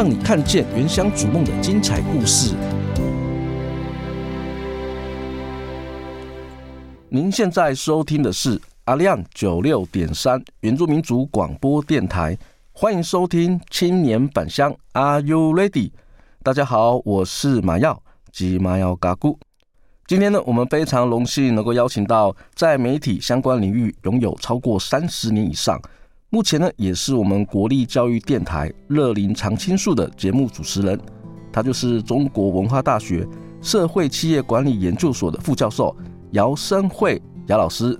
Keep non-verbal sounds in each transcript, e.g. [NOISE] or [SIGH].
讓你看見原鄉逐夢的精彩故事。您現在收聽的是 Alian 96.3原住民族廣播電台，歡迎收聽青年返鄉，Are you ready？大家好，我是馬耀及馬耀嘎姑。今天呢，我們非常榮幸能夠邀請到在媒體相關領域擁有超過三十年以上。目前呢，也是我們國立教育電台《樂齡長青樹》的節目主持人，他就是中國文化大學社會企業管理研究所的副教授姚昇慧姚老師。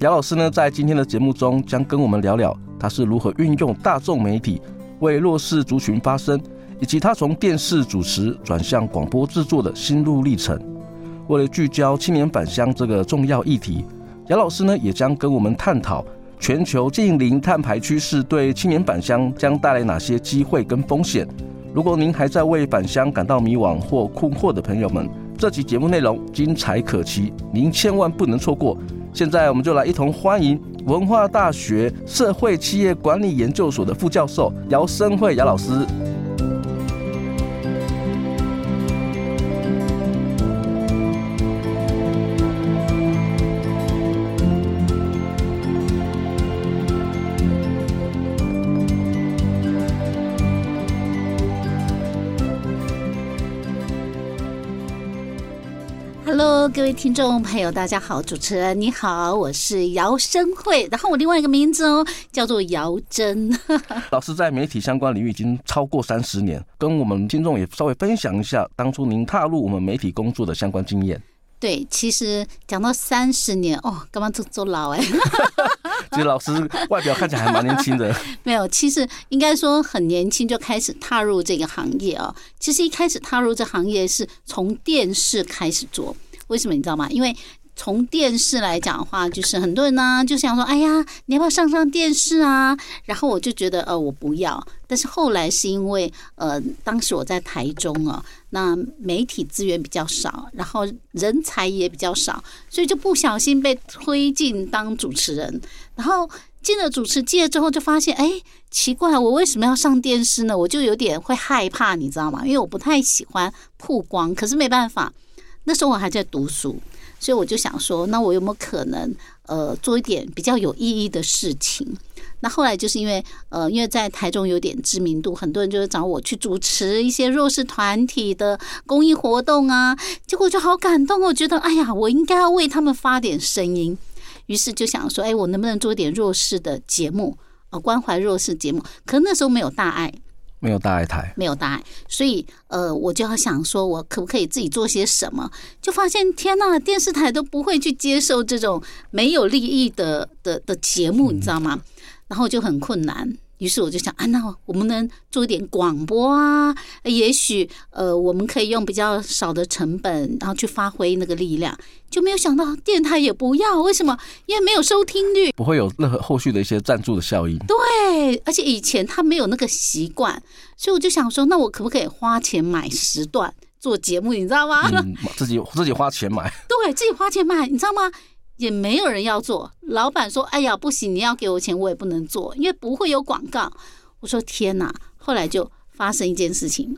姚老師呢，在今天的節目中將跟我們聊聊他是如何運用大眾媒體為弱勢族群發聲，以及他從電視主持轉向廣播制作的心路歷程。為了聚焦青年返鄉這個重要議題，姚老師呢，也將跟我們探討。全球近零碳排趨勢對青年返鄉將帶來哪些機會跟風險？如果您還在為返鄉感到迷惘或困惑的朋友們，這集節目內容精彩可期，您千萬不能錯過。現在我們就來一同歡迎文化大學社會企業管理研究所的副教授姚昇慧姚老師。各位聽眾朋友，大家好，主持人你好，我是姚生慧，然後我另外一個名字哦，叫做姚真。 [LAUGHS] 老師在媒體相關領域已經超過三十年，跟我們聽眾也稍微分享一下當初您踏入我們媒體工作的相關經驗。對，其實講到三十年哦，幹嘛坐坐牢哎？ [LAUGHS] [LAUGHS] 其實老師外表看起來還蠻年輕的， [LAUGHS] 沒有，其實應該說很年輕就開始踏入這個行業哦。其實一開始踏入這行業是從電視開始做。為什麼你知道嗎？因為從電視來講的話，就是很多人呢、啊、就想說：“哎呀，你要不要上上電視啊？”然後我就覺得呃，我不要。但是後來是因為呃，當時我在台中啊，那媒體資源比較少，然後人才也比較少，所以就不小心被推進當主持人。然後進了主持界之後，就發現哎，奇怪，我為什麼要上電視呢？我就有點會害怕，你知道嗎？因為我不太喜歡曝光，可是沒辦法。那時候我還在讀書，所以我就想說，那我有沒有可能，呃，做一點比較有意義的事情？那後來就是因為，呃，因為在台中有點知名度，很多人就會找我去主持一些弱勢團體的公益活動啊。結果我就好感動，我覺得，哎呀，我應該要為他們發點聲音。於是就想說，哎、欸，我能不能做一點弱勢的節目？呃，關懷弱勢節目。可那時候沒有大礙。沒有大愛台，沒有大愛，所以呃，我就要想說，我可不可以自己做些什麼？就發現天吶，電視台都不會去接受這種沒有利益的的的節目，你知道嗎？嗯，然後就很困難。於是我就想啊，那我們能做一點廣播啊？也許呃，我們可以用比較少的成本，然後去發揮那個力量。就沒有想到電台也不要，為什麼？因為沒有收聽率，不會有任何後續的一些贊助的效應。對，而且以前他沒有那個習慣，所以我就想說，那我可不可以花錢買時段做節目？你知道嗎？嗯，自己自己花錢買，對，自己花錢買，你知道嗎？也沒有人要做，老板說：“哎呀，不行，你要給我錢，我也不能做，因為不會有廣告。”我說：“天哪！”後來就發生一件事情，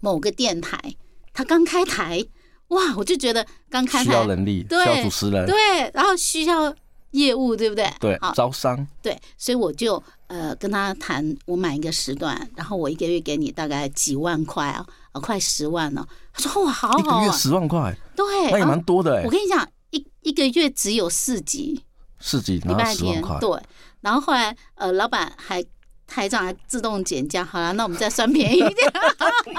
某個電台他剛開台，哇，我就覺得剛開台需要人力，對需要主持人，對，然後需要業務，對不對？對，好招商，對，所以我就呃跟他談，我買一個時段，然後我一個月給你大概幾萬塊啊，啊，快十萬了、啊。他說：“哇，好好、啊，一個月十萬塊，對，那也蠻多的、欸。”我跟你講。一一個月只有四集，四集，然後十五塊，對，然後後來呃老闆還台長還自動減價，好啦，那我們再算便宜一點， [LAUGHS]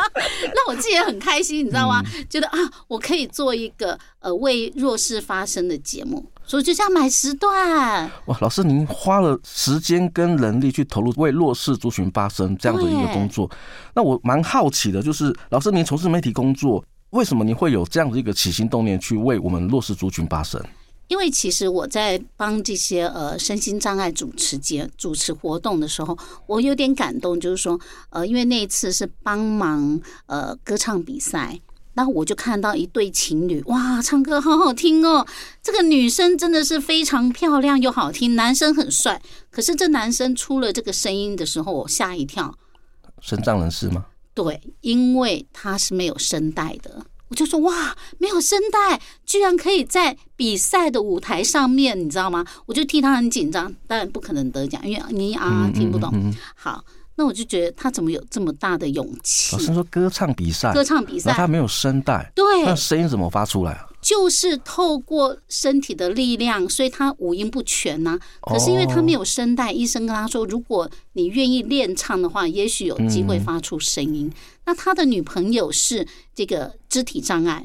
[LAUGHS] 那我自己也很開心，你知道嗎？嗯、覺得啊我可以做一個呃為弱勢發聲的節目，所以就像買時段。哇，老師您花了時間跟能力去投入為弱勢族群發聲這樣的一個工作，對那我蠻好奇的，就是老師您從事媒體工作，為什麼你會有這樣的一個起心動念去為我們弱勢族群發聲？因為其實我在幫這些呃身心障礙主持節主持活動的時候，我有點感動，就是說呃，因為那一次是幫忙呃歌唱比賽，然後我就看到一對情侶，哇，唱歌好好聽哦，這個女生真的是非常漂亮又好聽，男生很帥，可是這男生出了這個聲音的時候，我嚇一跳，聲障人士嗎？對，因為他是沒有聲帶的，我就說哇，沒有聲帶，居然可以在比賽的舞台上面，你知道嗎？我就替他很緊張，當然不可能得獎，因為你啊聽不懂。嗯嗯嗯、好。那我就覺得他怎麼有這麼大的勇氣？老師說歌唱比賽，歌唱比賽，那他沒有聲帶，對，那聲音怎麼發出來啊？就是透過身體的力量，所以他五音不全吶、啊。可是因為他沒有聲帶，哦、醫生跟他說，如果你願意練唱的話，也許有機會發出聲音。嗯、那他的女朋友是這個肢體障礙，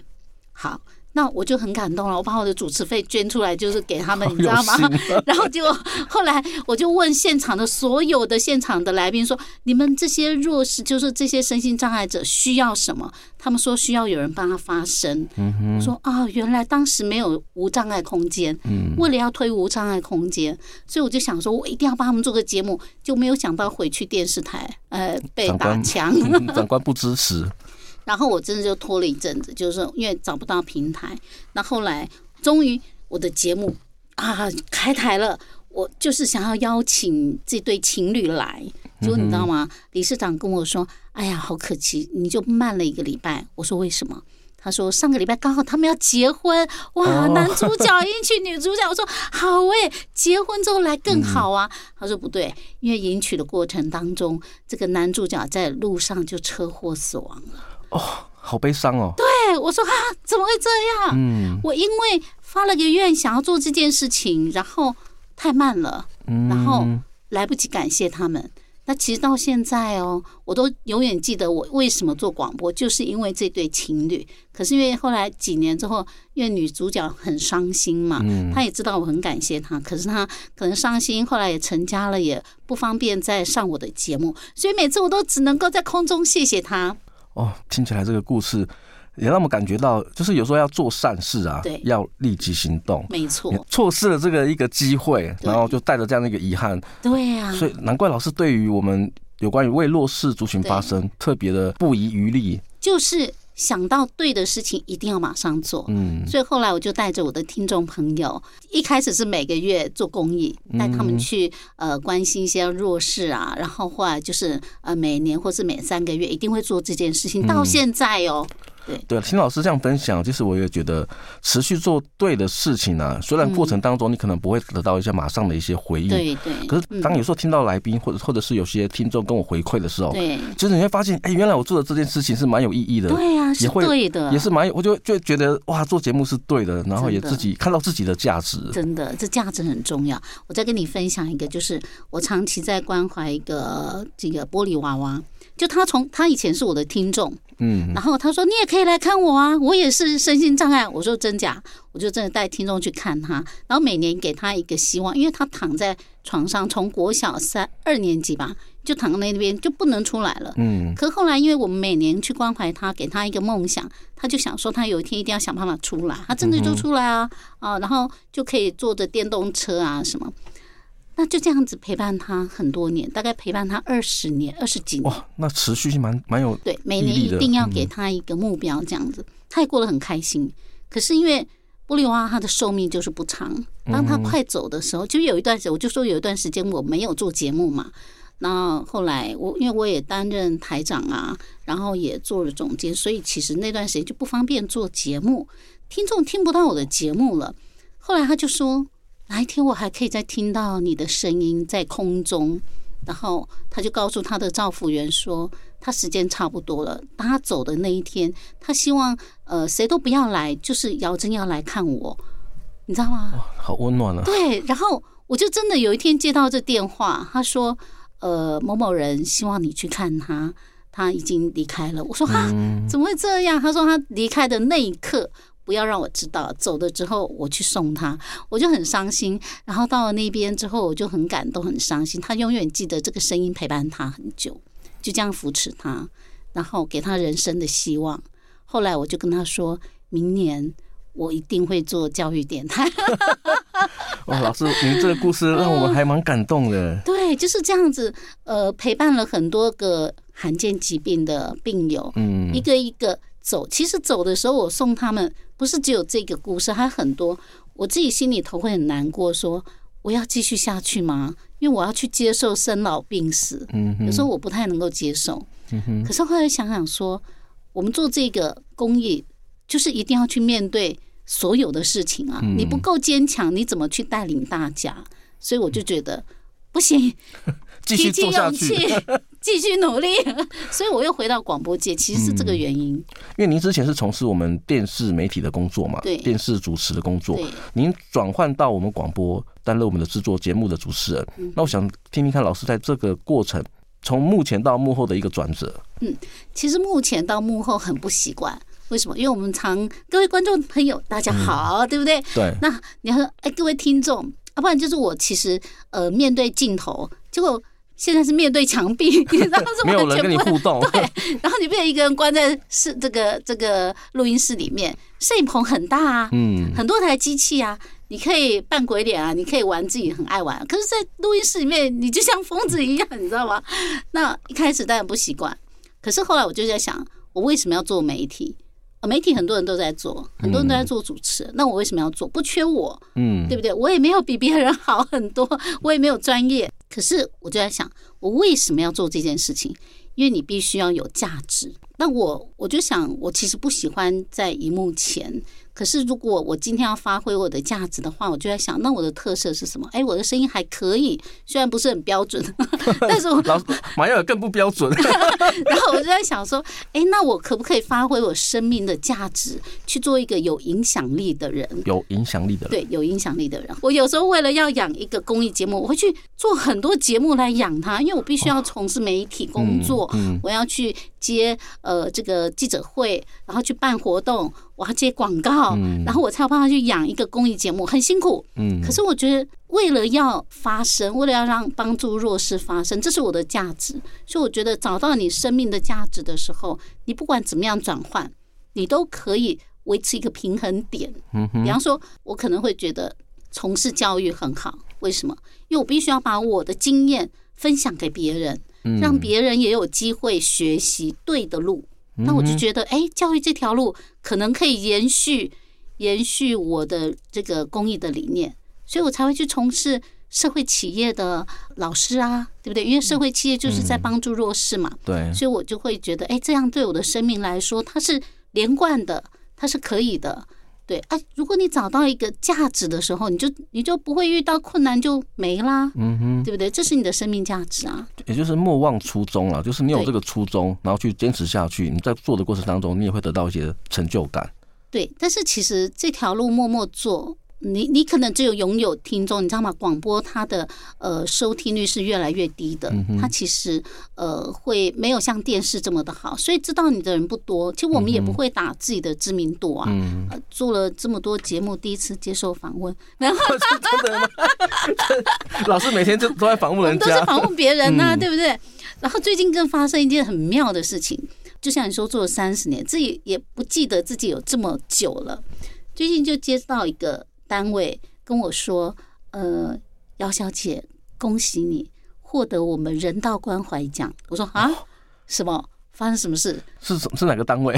好。那我就很感動了，我把我的主持費捐出來，就是給他們，你知道嗎？啊、然後結果後來我就問現場的所有的現場的來賓說：“你們這些弱勢，就是這些身心障礙者需要什麼？”他們說需要有人幫他發聲。嗯、哼我說：“啊、哦，原來當時沒有無障礙空間。嗯，為了要推無障礙空間，嗯、所以我就想說，我一定要幫他們做個節目，就沒有想到回去電視台，呃，被打槍，長官，嗯、長官不支持。”然後我真的就拖了一陣子，就是說因為找不到平台。那後來終於我的節目啊開台了，我就是想要邀請這對情侶來。結果你知道嗎？理事長跟我說：“哎呀，好可惜，你就慢了一個禮拜。”我說：“為什麼？”他說：“上個禮拜剛好他們要結婚，哇，男主角迎娶女主角。”哦，我說：“好、欸、好誒，結婚之後來更好啊。”他說：“不對，因為迎娶的過程當中，這個男主角在路上就車禍死亡了。” Oh, 哦，好悲傷哦！對，我說啊，怎麼會這樣？嗯，我因為發了個願，想要做這件事情，然後太慢了，然後來不及感謝他們。嗯，那其實到現在哦，我都永遠記得我為什麼做廣播，就是因為這對情侶。可是因為後來幾年之後，因為女主角很傷心嘛，嗯，她也知道我很感謝她，可是她可能傷心，後來也成家了，也不方便再上我的節目，所以每次我都只能夠在空中謝謝她。哦，聽起來這個故事也讓我們感覺到，就是有時候要做善事啊，對，要立即行動，沒錯錯，錯失了這個一個機會，對然後就帶着這樣的一個遺憾，對啊，所以難怪老師對於我們有關於為弱勢族群發聲特別的不遺餘力，就是。想到對的事情一定要馬上做，嗯，所以後來我就帶着我的聽眾朋友，一開始是每個月做公益，帶他們去、嗯、呃關心一些弱勢啊，然後後來就是呃每年或是每三個月一定會做這件事情，到現在哦。嗯對對，聽老師這樣分享，其、就、實、是、我也覺得持續做對的事情呢、啊。雖然過程當中你可能不會得到一些馬上的一些回應，對、嗯、對。對可是當有時候聽到來賓、嗯、或者或者是有些聽眾跟我回饋的時候，對，就是你會發現，哎，原來我做的這件事情是蠻有意義的，對呀、啊，也會是對的，也是蠻有，我就就覺得哇，做節目是對的，然後也自己看到自己的價值，真的，真的，這價值很重要。我再跟你分享一個，就是我長期在關懷一個這個玻璃娃娃，就他從他以前是我的聽眾。嗯，然後他說：“你也可以來看我啊，我也是身心障礙。”我說：“真假？”我就真的帶聽眾去看他，然後每年給他一個希望，因為他躺在床上，從國小三二年級吧，就躺在那邊就不能出來了。嗯，可後來因為我們每年去關懷他，給他一個夢想，他就想說他有一天一定要想辦法出來，他真的就出來啊，嗯哼，啊，然後就可以坐着電動車啊什麼。那就這樣子陪伴他很多年，大概陪伴他二十年、二十幾年。哇，那持續性蠻蠻有。對，每年一定要給他一個目標，嗯、這樣子他也過得很開心。可是因為玻璃娃娃他的壽命就是不長，當他快走的時候，嗯嗯就有一段時間，我就說有一段時間我沒有做節目嘛。那後來我因為我也擔任台長啊，然後也做了總監，所以其實那段時間就不方便做節目，聽眾聽不到我的節目了。後來他就說。哪一天我還可以再聽到你的聲音在空中？然後他就告訴他的丈服務員說，他時間差不多了，當他走的那一天，他希望呃誰都不要來，就是姚真要來看我，你知道嗎？好溫暖啊！對，然後我就真的有一天接到這電話，他說呃某某人希望你去看他，他已經離開了。我說哈、嗯啊，怎麼會這樣？他說他離開的那一刻，不要讓我知道，走了之後我去送他，我就很傷心。然後到了那邊之後，我就很感動，很傷心。他永遠記得這個聲音陪伴他很久，就這樣扶持他，然後給他人生的希望。後來我就跟他說明年我一定會做教育電台。 [LAUGHS] 哇，老師，你這個故事讓我們還蠻感動的。嗯，對，就是這樣子，呃，陪伴了很多個罕見疾病的病友，嗯，一個一個走。其實走的時候，我送他們。不是只有這個故事，還很多。我自己心裡頭會很難過說，說我要繼續下去嗎？因為我要去接受生老病死，嗯、哼有時候我不太能夠接受。嗯、哼可是後來想想說，我們做這個公益，就是一定要去面對所有的事情啊。嗯、你不夠堅強，你怎麼去帶領大家？所以我就覺得、嗯、不行，繼 [LAUGHS] 續做下去。提起勇氣。 [LAUGHS] 繼續努力，所以我又回到廣播界，其實是這個原因。嗯、因為您之前是從事我們電視媒體的工作嘛，對，電視主持的工作。對您轉換到我們廣播，擔任我們的制作節目的主持人。嗯、那我想聽聽看老師在這個過程，從幕前到幕後的一個轉折。嗯，其實幕前到幕後很不習慣。為什麼？因為我們常各位觀眾朋友，大家好，嗯、對不對？對。那你要說，哎、欸，各位聽眾，啊，不然就是我其實呃面對鏡頭，結果。現在是面對牆壁，你知道是我的全部。 [LAUGHS] 對，然後你被一個人關在室這個這個錄音室裡面，攝影棚很大啊，嗯、很多台機器啊，你可以扮鬼臉啊，你可以玩自己很愛玩。可是，在錄音室裡面，你就像瘋子一樣，你知道嗎？那一開始當然不習慣，可是後來我就在想，我為什麼要做媒體？媒體很多人都在做，很多人都在做主持，嗯、那我為什麼要做？不缺我，嗯、對不對？我也沒有比別人好很多，我也沒有專業。可是我就在想，我為什麼要做這件事情？因為你必須要有價值。那我我就想，我其實不喜歡在熒幕前。可是，如果我今天要發揮我的價值的話，我就在想，那我的特色是什麼？哎、欸，我的聲音還可以，雖然不是很標準，但是我 [LAUGHS] 老 Mayaw 更不標準。 [LAUGHS] [LAUGHS] 然後我就在想說，哎、欸，那我可不可以發揮我生命的價值，去做一個有影響力的人？有影響力的人，對，有影響力的人。我有時候為了要養一個公益節目，我會去做很多節目來養它，因為我必須要從事媒體工作，哦嗯嗯、我要去接呃這個記者會，然後去辦活動。我要接廣告，嗯，然後我才有辦法去養一個公益節目，很辛苦。可是我覺得為了要發聲，為了要讓幫助弱勢發聲，這是我的價值。所以我覺得找到你生命的價值的時候，你不管怎麼樣轉換，你都可以維持一個平衡點。比方說我可能會覺得從事教育很好，為什麼？因為我必須要把我的經驗分享給別人，讓別人也有機會學習對的路。那我就覺得，哎，教育這條路可能可以延續，延續我的這個公益的理念，所以我才會去從事社會企業的老師啊，對不對？因為社會企業就是在幫助弱勢嘛，嗯嗯、對。所以我就會覺得，哎，這樣對我的生命來說，它是連貫的，它是可以的。對，哎、啊，如果你找到一個價值的時候，你就你就不會遇到困難就沒啦，嗯哼，對不對？這是你的生命價值啊，也就是莫忘初衷了，啊，就是你有這個初衷，對然後去堅持下去，你在做的過程當中，你也會得到一些成就感。對，但是其實這條路默默做。你你可能只有擁有聽眾，你知道嗎？廣播它的呃收聽率是越來越低的，它其實呃會沒有像電視這麼的好，所以知道你的人不多。其實我們也不會打自己的知名度啊，嗯哼呃、做了這麼多節目，第一次接受訪問，沒有 [LAUGHS] 嗎， [LAUGHS] [LAUGHS] 老是每天就都在訪問人家，都是訪問別人啊，對不對？嗯、然後最近更發生一件很妙的事情，就像你說做了三十年，自己也不記得自己有這麼久了，最近就接到一個。單位跟我說：“呃，姚小姐，恭喜你獲得我們人道關懷獎。”我說：“啊，什麼？發生什麼事？是是哪個單位？”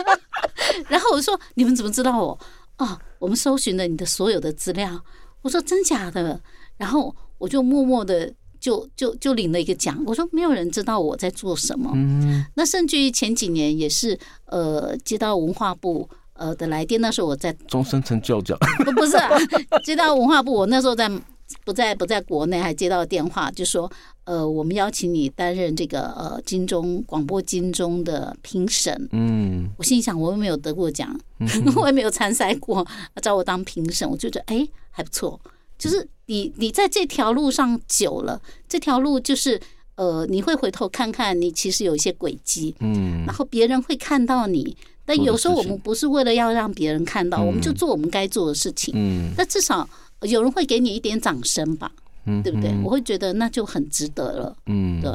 [LAUGHS] [LAUGHS] 然後我說：“你們怎麼知道我？啊、哦，我們搜尋了你的所有的資料。”我說：“真假的？”然後我就默默的就就就領了一個獎。我說：“沒有人知道我在做什麼。”嗯，那甚至於前幾年也是呃，接到文化部。呃的來電，那時候我在終身成就獎， [LAUGHS] 不是、啊、接到文化部，我那時候在不在不在國內，還接到電話，就說呃，我們邀請你擔任這個呃金鐘廣播金鐘的評審。嗯，我心裡想我又沒有得過獎，嗯、哼我也沒有參賽過，找我當評審，我就覺得哎、欸、還不錯。就是你你在這條路上久了，這條路就是呃，你會回頭看看，你其實有一些軌跡，嗯，然後別人會看到你。但有時候我們不是為了要讓別人看到，嗯、我們就做我們該做的事情。嗯，那至少有人會給你一點掌聲吧，嗯嗯、對不對？我會覺得那就很值得了。嗯，對。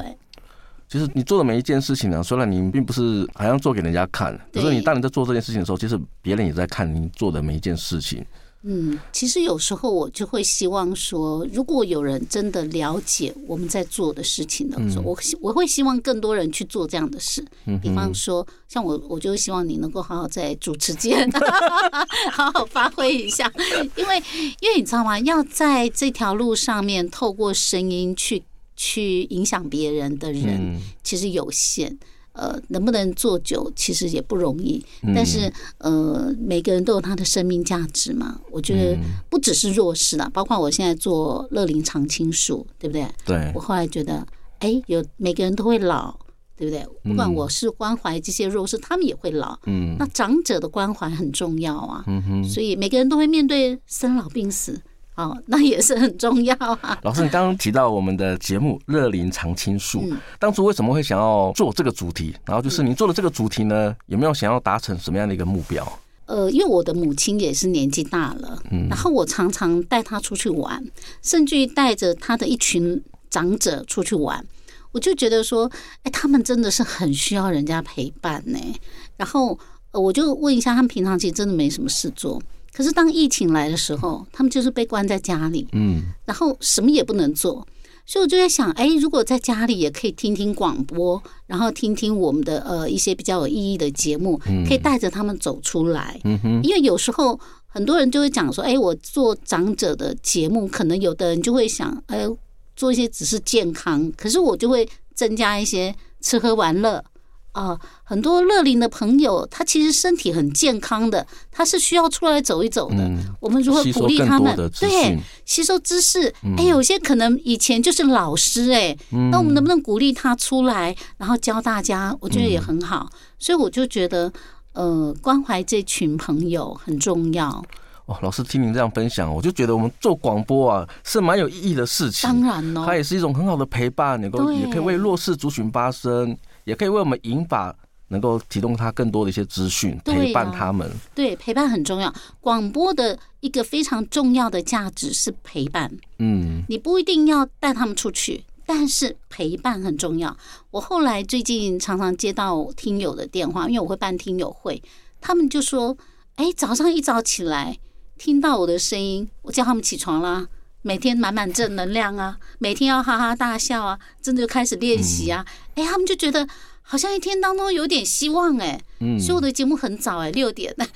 其實你做的每一件事情呢、啊，雖然你並不是好像做給人家看，對可是你當你在做這件事情的時候，其實別人也在看你做的每一件事情。嗯，其實有時候我就會希望說，如果有人真的了解我們在做的事情的時候，嗯、我我會希望更多人去做這樣的事。嗯、哼比方說，像我，我就希望你能夠好好在主持界 [LAUGHS] [LAUGHS] 好好發揮一下，因為因為你知道嗎？要在這條路上面透過聲音去去影響別人的人，嗯、其實有限。呃，能不能做久其實也不容易，但是、嗯、呃，每個人都有他的生命價值嘛。我覺得不只是弱勢啦、啊，包括我現在做樂齡長青樹，對不對？對，我後來覺得，哎，有每個人都會老，對不對？不管我是關懷這些弱勢，他們也會老。嗯，那長者的關懷很重要啊。嗯哼，所以每個人都會面對生老病死。哦，那也是很重要啊。老師，你剛剛提到我們的節目《樂齡長青樹》， [LAUGHS] 當初為什麼會想要做這個主題？然後就是你做了這個主題呢，有沒有想要達成什麼樣的一個目標？呃，因為我的母親也是年紀大了，嗯，然後我常常帶她出去玩，甚至於帶着她的一群長者出去玩，我就覺得說，哎，他們真的是很需要人家陪伴呢、欸。然後、呃、我就問一下，他們平常其實真的沒什麼事做。可是當疫情來的時候，他們就是被關在家裡，嗯，然後什麼也不能做，所以我就在想，哎，如果在家裡也可以聽聽廣播，然後聽聽我們的呃一些比較有意義的節目，可以帶着他們走出來，嗯哼。因為有時候很多人就會講說，哎，我做長者的節目，可能有的人就會想，哎，做一些只是健康，可是我就會增加一些吃喝玩樂。啊、呃，很多樂齡的朋友，他其實身體很健康的，他是需要出來走一走的。嗯、我們如何鼓勵他們？對，吸收知識。哎、嗯欸，有些可能以前就是老師、欸，哎、嗯，那我們能不能鼓勵他出來，然後教大家？我覺得也很好。嗯、所以我就覺得，呃，關懷這群朋友很重要。哦，老師，聽您這樣分享，我就覺得我們做廣播啊，是蠻有意義的事情。當然呢、哦，它也是一種很好的陪伴，能夠也可以為弱勢族群發聲。也可以為我們銀髮，能夠提供他更多的一些資訊，啊、陪伴他們。對，陪伴很重要。廣播的一個非常重要的價值是陪伴。嗯，你不一定要帶他們出去，但是陪伴很重要。我後來最近常常接到聽友的電話，因為我會辦聽友會，他們就說：“誒、欸，早上一早起來聽到我的聲音，我叫他們起床啦。”每天滿滿正能量啊，每天要哈哈大笑啊，真的就開始練習啊。哎、嗯欸，他們就覺得好像一天當中有點希望哎、欸。嗯，所以我的節目很早哎、欸，六點。嗯、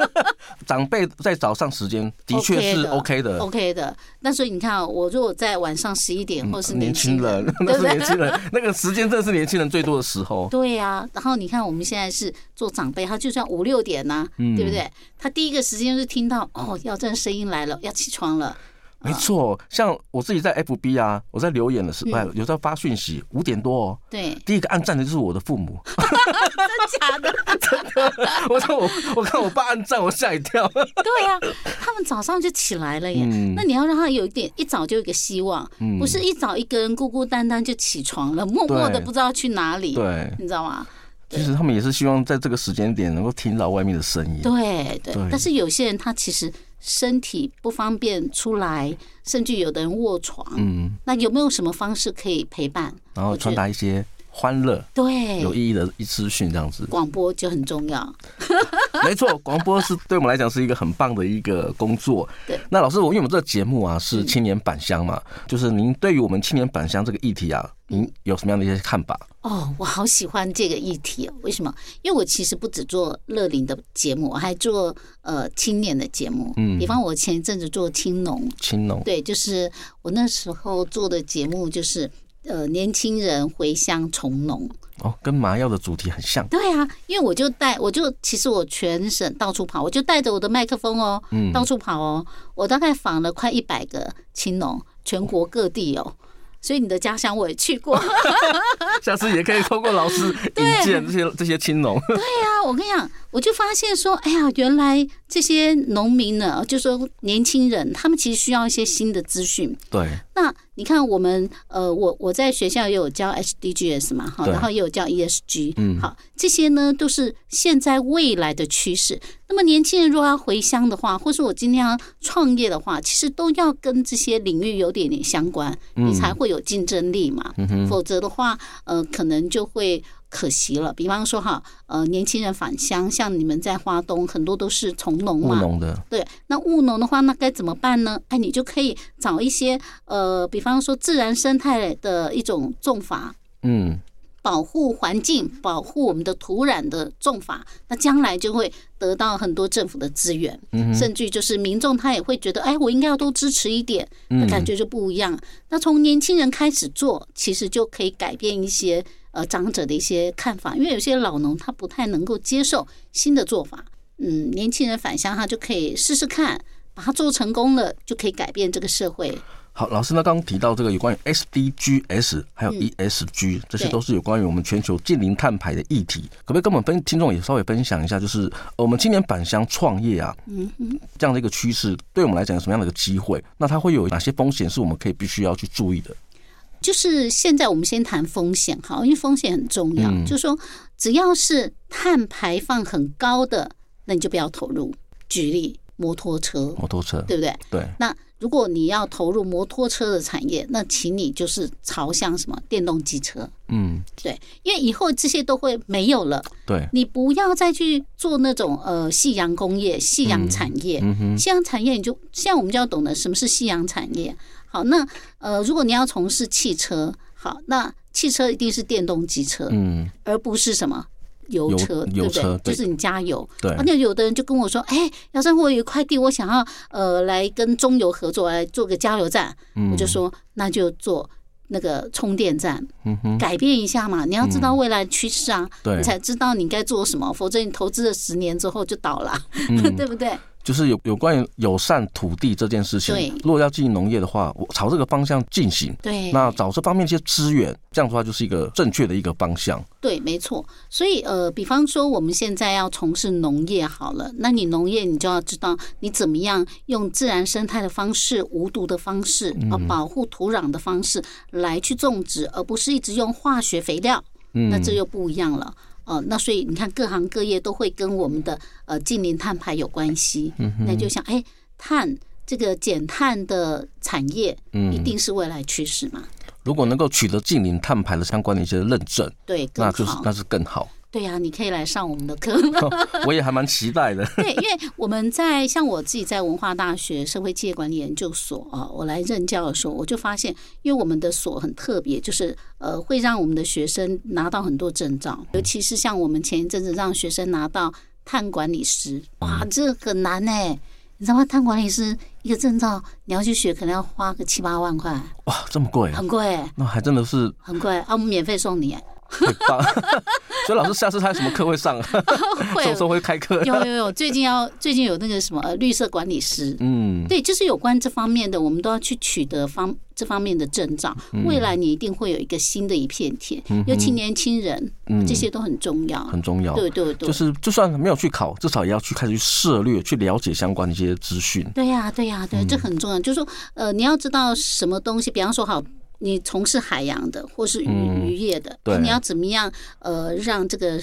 [LAUGHS] 長輩在早上時間的確是 OK 的，OK 的。那、okay、所以你看，哦、我如果在晚上十一點或者是年輕人，、嗯、人，那是年輕人， [LAUGHS] 那個時間真的是年輕人最多的時候。對啊，然後你看我們現在是做長輩，他就算五六點呢、啊，嗯、對不對？他第一個時間是聽到哦，要這個聲音來了，要起床了。沒錯，像我自己在 FB 啊，我在留言的時候，嗯、有時候發訊息五點多哦。對，第一個按讚的就是我的父母。 [LAUGHS] 真假的？真的？我我我看我爸按讚，我嚇一跳。對呀、啊，他們早上就起來了耶。嗯、那你要讓他有一點一早就有一個希望，嗯、不是一早一個人孤孤單單就起床了，默默的不知道去哪裡。對，你知道嗎？其實他們也是希望在這個時間點能夠聽到外面的聲音。對對。但是有些人他其實。身體不方便出來，甚至有的人臥床，嗯，那有沒有什麼方式可以陪伴，然後傳達一些。歡樂對有意義的一資訊這樣子，廣播就很重要。 [LAUGHS] 沒錯，廣播是對我們來講是一個很棒的一個工作。對，那老師，我因為我們這個節目啊是青年返鄉嘛，嗯、就是您對於我們青年返鄉這個議題啊，您有什麼樣的一些看法？哦，我好喜歡這個議題、啊，為什麼？因為我其實不只做樂齡的節目，我還做呃青年的節目。嗯，比方我前一陣子做青農，青農農對，就是我那時候做的節目就是。呃，年輕人回鄉從農哦，跟麻藥的主題很像。對啊，因為我就帶，我就其實我全省到處跑，我就帶着我的麥克風哦，嗯，到處跑哦，我大概訪了快一百個青農，全國各地哦，哦所以你的家鄉我也去過， [LAUGHS] 下次也可以透過老師引薦這些這些青農。對呀、啊，我跟你講。我就發現說，哎呀，原來這些農民呢，就是說年輕人，他們其實需要一些新的資訊。對。那你看，我們呃，我我在學校也有教 SDGs 嘛，哈，然後也有教 ESG，嗯，好，這些呢都是現在未來的趨勢。那麼年輕人如果要回鄉的話，或是我今天要創業的話，其實都要跟這些領域有點點相關，你才會有競爭力嘛。嗯哼。否則的話，呃，可能就會。可惜了，比方說哈，呃，年輕人返鄉，像你們在花東，很多都是從農嘛。務農的，對。那務農的話，那該怎麼辦呢？哎，你就可以找一些，呃，比方說自然生態的一種種法，嗯，保護環境、保護我們的土壤的種法，那將來就會得到很多政府的資源，嗯哼，甚至就是民眾他也會覺得，哎，我應該要多支持一點，那感覺就不一樣。嗯、那從年輕人開始做，其實就可以改變一些。呃，長者的一些看法，因為有些老農他不太能夠接受新的做法。嗯，年輕人返鄉哈，就可以試試看，把它做成功了，就可以改變這個社會。好，老師呢，剛剛提到這個有關於 SDGs 還有 ESG，、嗯、這些都是有關於我們全球近零碳排淨零碳排的議題。對可不可以跟我們分聽眾也稍微分享一下，就是我們青年返鄉創業啊，嗯哼，這樣的一個趨勢，對我們來講有什麼樣的一個機會？那它會有哪些風險是我們可以必須要去注意的？就是現在，我們先談風險，好，因為風險很重要。嗯。就是說只要是碳排放很高的，那你就不要投入。舉例，摩托車。摩托車。對不對？對。那如果你要投入摩托車的產業，那請你就是朝向什麼？電動機車。嗯。對，因為以後這些都會沒有了。對。你不要再去做那種呃，夕陽工業、夕陽產業。嗯。嗯哼。夕陽產業，你就現在我們就要懂得什麼是夕陽產業。好，那呃，如果你要從事汽車，好，那汽車一定是電動機車，嗯，而不是什麼油車，對不對？就是你加油，對。那有的人就跟我說，哎，姚生，我有一塊快遞，我想要呃來跟中油合作來做個加油站，嗯、我就說那就做那個充電站，嗯哼，改變一下嘛。你要知道未來趨勢啊，嗯、你才知道你該做什麼，對否則你投資了十年之後就倒了，嗯、 [LAUGHS] 對不對？就是有有關於友善土地這件事情，對，如果要進行農業的話，我朝這個方向進行，對，那找這方面一些資源，這樣的話就是一個正確的一個方向。對，沒錯。所以呃，比方說我們現在要從事農業好了，那你農業你就要知道你怎麼樣用自然生態的方式、無毒的方式啊，嗯、保護土壤的方式來去種植，而不是一直用化學肥料，嗯，那這又不一樣了。哦，那所以你看，各行各業都會跟我們的呃淨零碳排有關係，那就像哎、欸、碳這個減碳的產業，一定是未來趨勢嘛。如果能夠取得淨零碳排的相關的一些認證，對，更好。那就是，那是更好。對呀、啊，你可以來上我們的課。哦、我也還蠻期待的。 [LAUGHS] 對，因為我們在像我自己在文化大學社會企業管理研究所啊、哦，我來任教的時候，我就發現，因為我們的所很特別，就是呃會讓我們的學生拿到很多證照，嗯、尤其是像我們前一陣子讓學生拿到碳管理師，哇、嗯啊，這很難誒、欸、你知道嗎？碳管理師一個證照，你要去學，可能要花個七八萬塊，哇，這麼貴？很貴。那還真的是很貴啊！我們免費送你、欸。很嘿 [LAUGHS] 所以老師下次他有什麼課會上、 [LAUGHS] 哦、會啊？會，有時候會開課？有有有，最近要最近有那個什麼呃綠色管理師，嗯，對，就是有關這方面的，我們都要去取得方這方面的證照。未來你一定會有一個新的一片天，尤其、嗯、年輕人，嗯、這些都很重要，嗯、很重要。對對對，對，就是就算沒有去考，至少也要去開始去涉略，去了解相關的一些資訊、啊。對呀、啊、對呀、啊、對，這、嗯、很重要。就是說呃，你要知道什麼東西，比方說好。你從事海洋的，或是漁漁業的，嗯、你要怎麼樣？呃，讓這個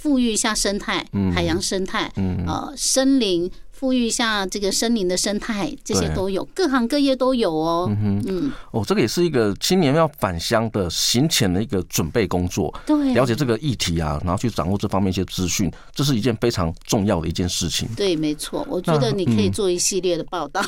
復育一下生態，海洋生態啊、嗯嗯呃，森林。呼籲一下這個森林的生態，這些都有，對各行各業都有哦。嗯哼嗯，哦，這個也是一個青年要返鄉的行前的一個準備工作，對，了解這個議題啊，然後去掌握這方面一些資訊，這是一件非常重要的一件事情。對，沒錯，我覺得你可以做一系列的報道，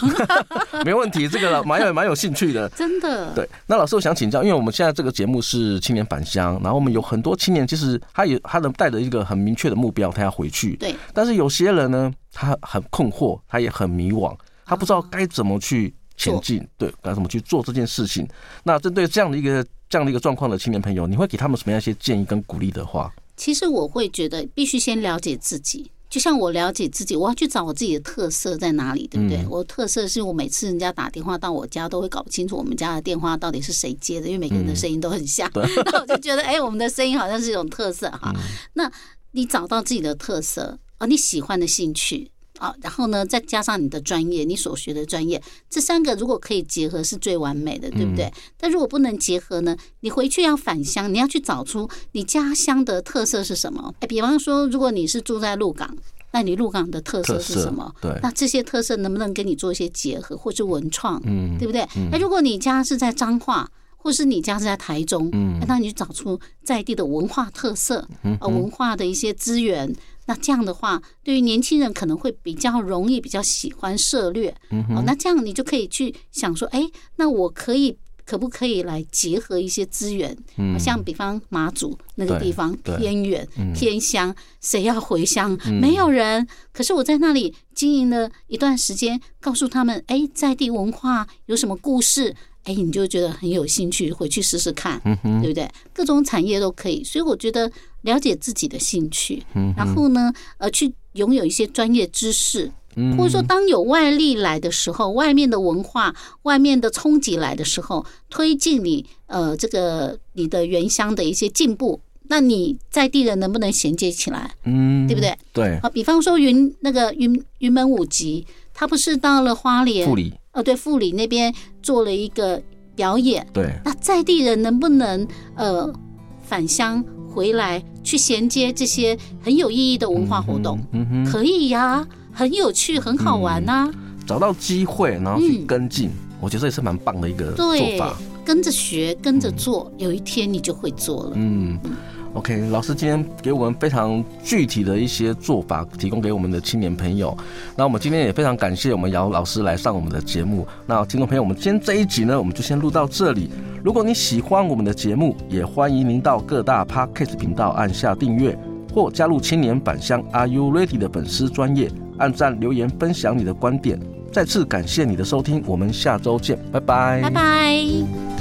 嗯、 [LAUGHS] 沒問題。這個蠻有蠻有興趣的， [LAUGHS] 真的。對，那老師我想請教，因為我們現在這個節目是青年返鄉，然後我們有很多青年，其實他也他能帶着一個很明確的目標，他要回去。對，但是有些人呢？他很困惑，他也很迷惘，他不知道該怎麼去前進，啊、對，該怎麼去做這件事情。那針對這樣的一個這樣的一個狀況的青年朋友，你會給他們什麼樣一些建議跟鼓勵的話？其實我會覺得必須先了解自己，就像我了解自己，我要去找我自己的特色在哪裡，對不對？嗯、我的特色是我每次人家打電話到我家，都會搞不清楚我們家的電話到底是誰接的，因為每個人的聲音都很像。嗯、 [LAUGHS] 那我就覺得，哎、欸，我們的聲音好像是一種特色哈。嗯、那你找到自己的特色，啊、哦，你喜歡的興趣啊、哦，然後呢，再加上你的專業，你所學的專業，這三個如果可以結合，是最完美的，對不對？嗯、但如果不能結合呢，你回去要返鄉，你要去找出你家鄉的特色是什麼？哎，比方說，如果你是住在鹿港，那你鹿港的特色是什麼？那這些特色能不能跟你做一些結合，或是文創？嗯、對不對？那、嗯嗯、如果你家是在彰化，或是你家是在台中，嗯、那你找出在地的文化特色，啊、嗯嗯哦，文化的一些資源。那這樣的話，對於年輕人可能會比較容易，比較喜歡涉獵，嗯哼哦。那這樣你就可以去想說，哎，那我可以可不可以來結合一些資源？嗯，像比方馬祖那個地方偏遠、偏鄉，嗯，誰要回鄉？沒有人。嗯，可是我在那裡經營了一段時間，告訴他們，哎，在地文化有什麼故事。哎，你就覺得很有興趣，回去試試看，對不對？嗯、哼各種產業都可以，所以我覺得了解自己的興趣，嗯、哼然後呢，呃，去擁有一些專業知識，嗯、哼或者說當有外力來的時候，外面的文化、外面的衝擊來的時候，推進你呃這個你的原鄉的一些進步，那你在地人能不能銜接起來？嗯，對不對？對。好，比方說雲那個雲雲門舞集，他不是到了花蓮。哦，對，富里那邊做了一個表演，對，那在地人能不能呃返鄉回來去銜接這些很有意義的文化活動？嗯哼，嗯哼可以呀、啊，很有趣，很好玩吶、啊嗯。找到機會，然後去跟進，嗯、我覺得這也是蠻棒的一個做法。對跟着學，跟着做，嗯、有一天你就會做了。嗯。OK，老師今天給我們非常具體的一些做法，提供給我們的青年朋友。那我們今天也非常感謝我們姚老師來上我們的節目。那聽眾朋友，我們今天這一集呢，我們就先錄到這裡。如果你喜歡我們的節目，也歡迎您到各大 Podcast 頻道按下訂閱，或加入青年返鄉 Are You Ready 的粉絲專頁，按讚、留言、分享你的觀點。再次感謝你的收聽，我們下週見，拜拜，拜拜。